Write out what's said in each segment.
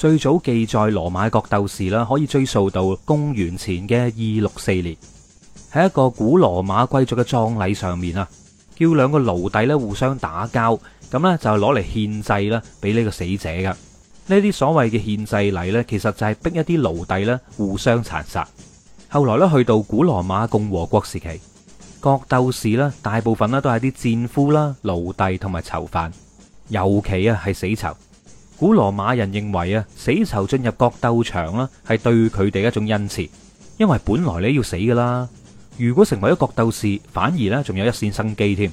最早記載羅馬角鬥士啦，可以追溯到公元前嘅二六四年，喺一個古羅馬貴族嘅葬禮上面啊，叫兩個奴隸咧互相打交，咁咧就攞嚟獻祭啦，俾呢個死者嘅。呢啲所謂嘅獻祭禮咧，其實就係逼一啲奴隸咧互相殘殺。後來咧去到古羅馬共和國時期，角鬥士咧大部分咧都係啲戰俘啦、奴隸同埋囚犯，尤其啊係死囚。古羅馬人認為啊，死囚進入角鬥場啦，係對佢哋一種恩賜，因為本來你要死噶啦，如果成為咗角鬥士，反而咧仲有一綫生機添。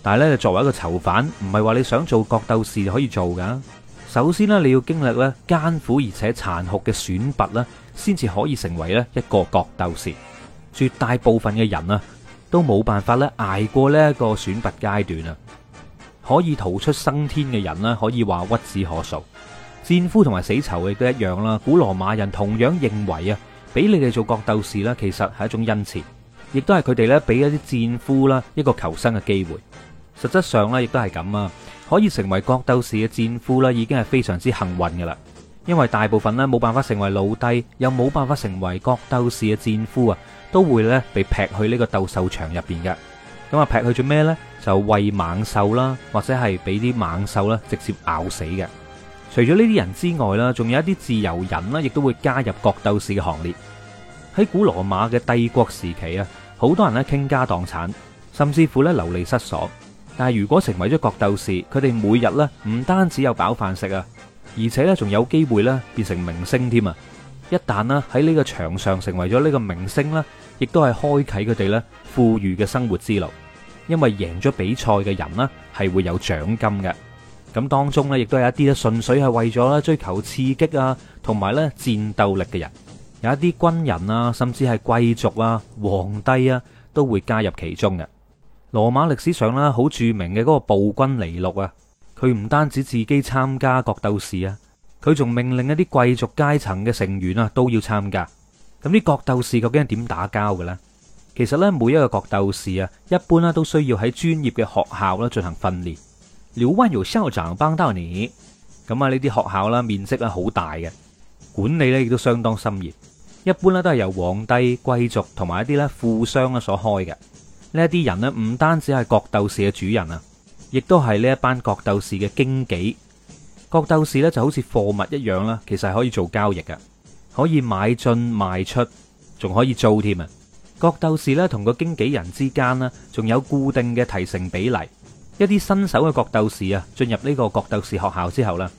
但係咧，作為一個囚犯，唔係話你想做角鬥士就可以做噶。首先咧，你要經歷咧艱苦而且殘酷嘅選拔啦，先至可以成為咧一個角鬥士。絕大部分嘅人啊，都冇辦法咧捱過呢一個選拔階段啊。可以逃出生天嘅人呢，可以話屈指可數。戰俘同埋死囚亦都一樣啦。古羅馬人同樣認為啊，俾你哋做角鬥士呢，其實係一種恩賜，亦都係佢哋咧俾一啲戰俘啦一個求生嘅機會。實質上呢，亦都係咁啊，可以成為角鬥士嘅戰俘呢已經係非常之幸運噶啦。因為大部分呢，冇辦法成為奴隸，又冇辦法成為角鬥士嘅戰俘啊，都會呢，被劈去呢個鬥獸場入邊嘅。咁啊！劈去做咩呢？就餵猛獸啦，或者係俾啲猛獸咧直接咬死嘅。除咗呢啲人之外啦，仲有一啲自由人啦，亦都會加入角鬥士嘅行列。喺古羅馬嘅帝國時期啊，好多人咧傾家蕩產，甚至乎咧流離失所。但係如果成為咗角鬥士，佢哋每日咧唔單止有飽飯食啊，而且咧仲有機會咧變成明星添啊！一旦咧喺呢個場上成為咗呢個明星呢，亦都係開啟佢哋呢富裕嘅生活之路。因為贏咗比賽嘅人呢，係會有獎金嘅。咁當中呢，亦都有一啲咧純粹係為咗咧追求刺激啊，同埋咧戰鬥力嘅人，有一啲軍人啊，甚至係貴族啊、皇帝啊都會加入其中嘅。羅馬歷史上呢，好著名嘅嗰個暴君尼祿啊，佢唔單止自己參加角鬥士啊。佢仲命令一啲貴族階層嘅成員啊，都要參加。咁啲角鬥士究竟係點打交嘅咧？其實咧，每一個角鬥士啊，一般咧都需要喺專業嘅學校咧進行訓練。Lwanyo s h 咁啊呢啲學校啦，面積咧好大嘅，管理咧亦都相當森嚴。一般咧都係由皇帝、貴族同埋一啲咧富商咧所開嘅。呢一啲人呢，唔單止係角鬥士嘅主人啊，亦都係呢一班角鬥士嘅經紀。角鬥士咧就好似貨物一樣啦，其實係可以做交易嘅，可以買進賣出，仲可以租添啊！角鬥士咧同個經紀人之間咧，仲有固定嘅提成比例。一啲新手嘅角鬥士啊，進入呢個角鬥士學校之後啦，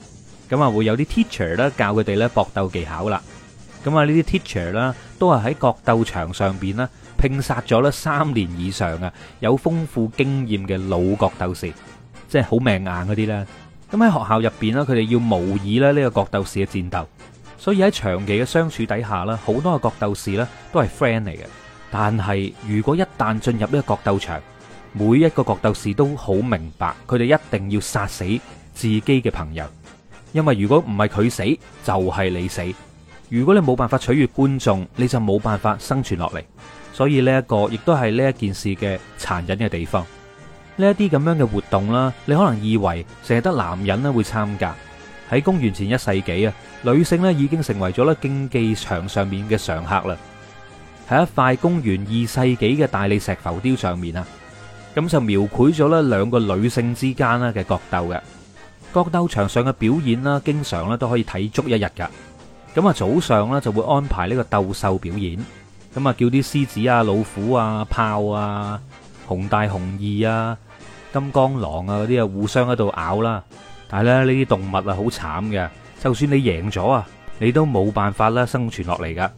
咁啊會有啲 teacher 啦教佢哋咧搏鬥技巧啦。咁啊呢啲 teacher 啦，都係喺角鬥場上邊啦，拼殺咗啦三年以上啊，有豐富經驗嘅老角鬥士，即係好命硬嗰啲啦。咁喺學校入邊啦，佢哋要模擬咧呢個角鬥士嘅戰鬥，所以喺長期嘅相處底下啦，好多嘅角鬥士咧都係 friend 嚟嘅。但係如果一旦進入呢個角鬥場，每一個角鬥士都好明白，佢哋一定要殺死自己嘅朋友，因為如果唔係佢死就係你死。如果你冇辦法取悦觀眾，你就冇辦法生存落嚟。所以呢一個亦都係呢一件事嘅殘忍嘅地方。呢一啲咁樣嘅活動啦，你可能以為成日得男人咧會參加。喺公元前一世紀啊，女性呢已經成為咗咧競技場上面嘅常客啦。喺一塊公元二世紀嘅大理石浮雕上面啊，咁就描繪咗咧兩個女性之間啦嘅角鬥嘅。角鬥場上嘅表演啦，經常咧都可以睇足一日噶。咁啊，早上呢，就會安排呢個鬥獸表演，咁啊叫啲獅子啊、老虎啊、豹啊、熊大熊二啊。金剛狼啊嗰啲啊互相喺度咬啦，但係咧呢啲動物啊好慘嘅，就算你贏咗啊，你都冇辦法啦生存落嚟噶，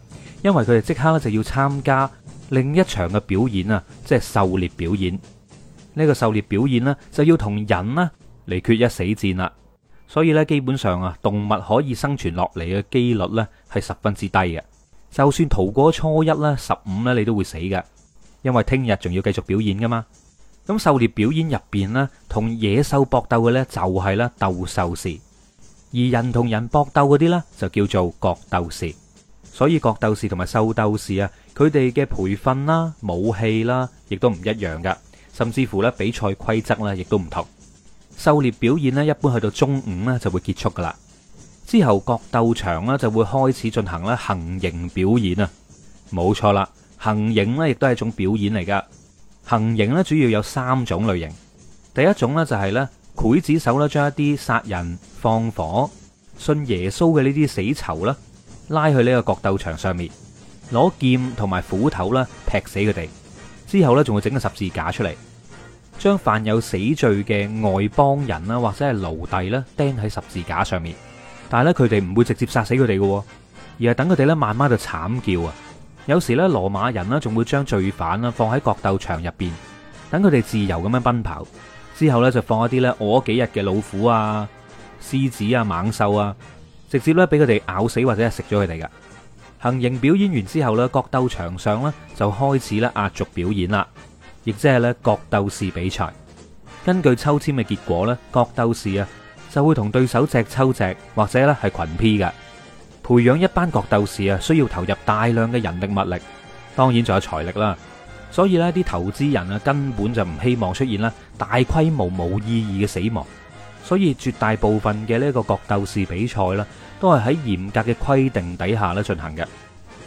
因為佢哋即刻咧就要參加另一場嘅表演啊，即係狩獵表演。呢個狩獵表演呢，就要同人啦嚟決一死戰啦，所以呢，基本上啊動物可以生存落嚟嘅幾率呢係十分之低嘅，就算逃過初一啦、十五呢，你都會死噶，因為聽日仲要繼續表演噶嘛。咁狩獵表演入邊咧，同野獸搏鬥嘅咧就係咧鬥獸士，而人同人搏鬥嗰啲咧就叫做角鬥士。所以角鬥士同埋獸鬥士啊，佢哋嘅培訓啦、武器啦，亦都唔一樣噶。甚至乎咧比賽規則咧，亦都唔同。狩獵表演咧，一般去到中午咧就會結束噶啦。之後角鬥場啦就會開始進行啦行刑表演啊，冇錯啦，行刑咧亦都係一種表演嚟噶。行刑咧主要有三種類型，第一種咧就係咧劊子手啦，將一啲殺人、放火、信耶穌嘅呢啲死囚啦，拉去呢個角鬥場上面，攞劍同埋斧頭啦劈死佢哋，之後咧仲會整個十字架出嚟，將犯有死罪嘅外邦人啦或者係奴隸啦釘喺十字架上面，但係咧佢哋唔會直接殺死佢哋嘅，而係等佢哋咧慢慢就慘叫啊。有時咧，羅馬人呢仲會將罪犯啊放喺角鬥場入邊，等佢哋自由咁樣奔跑，之後咧就放一啲咧餓咗幾日嘅老虎啊、獅子啊、猛獸啊，直接咧俾佢哋咬死或者係食咗佢哋嘅。行刑表演完之後咧，角鬥場上咧就開始咧壓軸表演啦，亦即係咧角鬥士比賽。根據抽簽嘅結果咧，角鬥士啊就會同對手隻抽隻或者咧係群 P 嘅。培養一班角鬥士啊，需要投入大量嘅人力物力，當然仲有財力啦。所以呢啲投資人啊，根本就唔希望出現啦大規模冇意義嘅死亡。所以絕大部分嘅呢個角鬥士比賽啦，都係喺嚴格嘅規定底下咧進行嘅。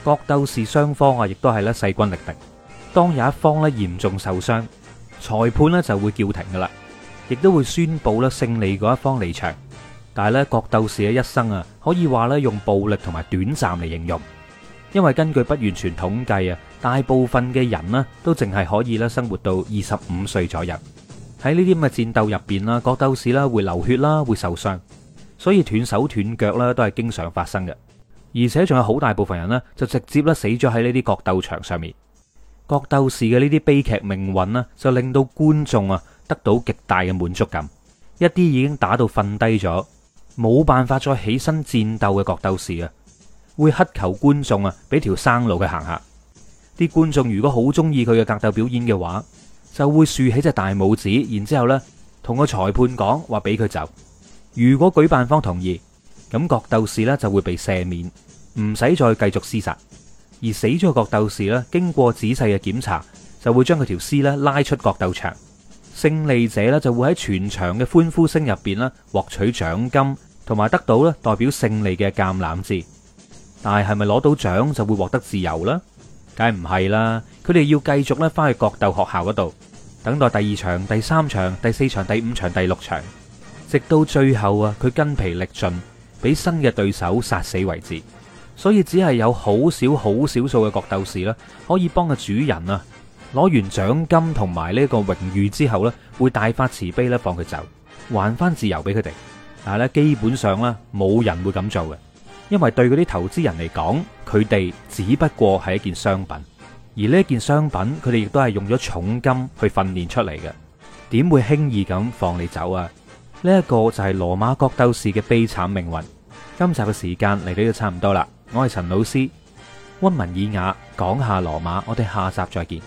角鬥士雙方啊，亦都係咧勢均力敵。當有一方咧嚴重受傷，裁判呢就會叫停噶啦，亦都會宣布咧勝利嗰一方離場。但係咧，角鬥士嘅一生啊，可以話咧用暴力同埋短暫嚟形容，因為根據不完全統計啊，大部分嘅人呢都淨係可以咧生活到二十五歲左右。喺呢啲咁嘅戰鬥入邊啦，角鬥士啦會流血啦，會受傷，所以斷手斷腳啦都係經常發生嘅。而且仲有好大部分人呢就直接咧死咗喺呢啲角鬥場上面。角鬥士嘅呢啲悲劇命運呢，就令到觀眾啊得到極大嘅滿足感。一啲已經打到瞓低咗。冇辦法再起身戰鬥嘅角鬥士啊，會乞求觀眾啊俾條生路佢行下。啲觀眾如果好中意佢嘅格鬥表演嘅話，就會豎起隻大拇指，然之後咧同個裁判講話俾佢走。如果舉辦方同意，咁角鬥士呢就會被赦免，唔使再繼續廝殺。而死咗嘅角鬥士呢，經過仔細嘅檢查，就會將佢條屍呢拉出角鬥場。勝利者呢，就會喺全場嘅歡呼聲入邊呢，獲取獎金。同埋得到咧代表勝利嘅橄欖枝，但係係咪攞到獎就會獲得自由呢？梗唔係啦，佢哋要繼續咧翻去角鬥學校嗰度，等待第二場、第三場、第四場、第五場、第六場，直到最後啊，佢筋疲力盡，俾新嘅對手殺死為止。所以只係有好少好少數嘅角鬥士啦，可以幫個主人啊，攞完獎金同埋呢個榮譽之後呢，會大發慈悲咧放佢走，還翻自由俾佢哋。但係咧，基本上咧，冇人會咁做嘅，因為對嗰啲投資人嚟講，佢哋只不過係一件商品，而呢件商品，佢哋亦都係用咗重金去訓練出嚟嘅，點會輕易咁放你走啊？呢一個就係羅馬角鬥士嘅悲慘命運。今集嘅時間嚟到呢度差唔多啦，我係陳老師溫文爾雅，講下羅馬，我哋下集再見。